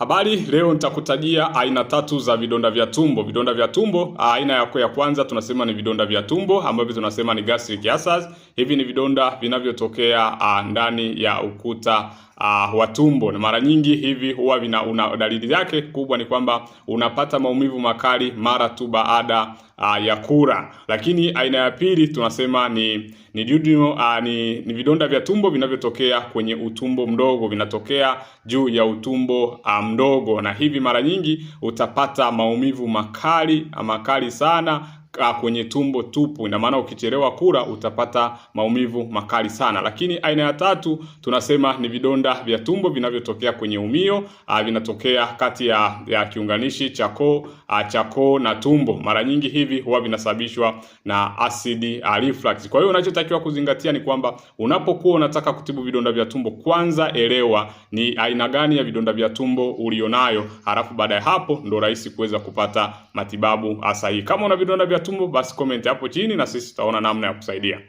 Habari, leo nitakutajia aina tatu za vidonda vya tumbo. Vidonda vya tumbo, aina ya kwanza tunasema ni vidonda vya tumbo ambavyo tunasema ni gastric ulcers. Hivi ni vidonda vinavyotokea uh, ndani ya ukuta uh, wa tumbo, na mara nyingi hivi huwa vina una, dalili yake kubwa ni kwamba unapata maumivu makali mara tu baada uh, ya kula. Lakini aina ya pili tunasema ni ni, duodenal, uh, ni ni vidonda vya tumbo vinavyotokea kwenye utumbo mdogo, vinatokea juu ya utumbo uh, mdogo, na hivi mara nyingi utapata maumivu makali makali sana kwenye tumbo tupu. Ina maana ukichelewa kula utapata maumivu makali sana. Lakini aina ya tatu tunasema ni vidonda vya tumbo vinavyotokea kwenye umio, ah, vinatokea kati ya, ya kiunganishi cha koo ah, cha koo na tumbo. Mara nyingi hivi huwa vinasababishwa na acid ah, reflux. Kwa hiyo unachotakiwa kuzingatia ni kwamba unapokuwa unataka kutibu vidonda vya tumbo, kwanza elewa ni aina gani ya vidonda vya tumbo ulionayo, halafu baada ya hapo ndo rahisi kuweza kupata matibabu sahihi. Kama una vidonda vya tumbo tumbo, basi comment hapo chini na sisi tutaona namna ya kusaidia.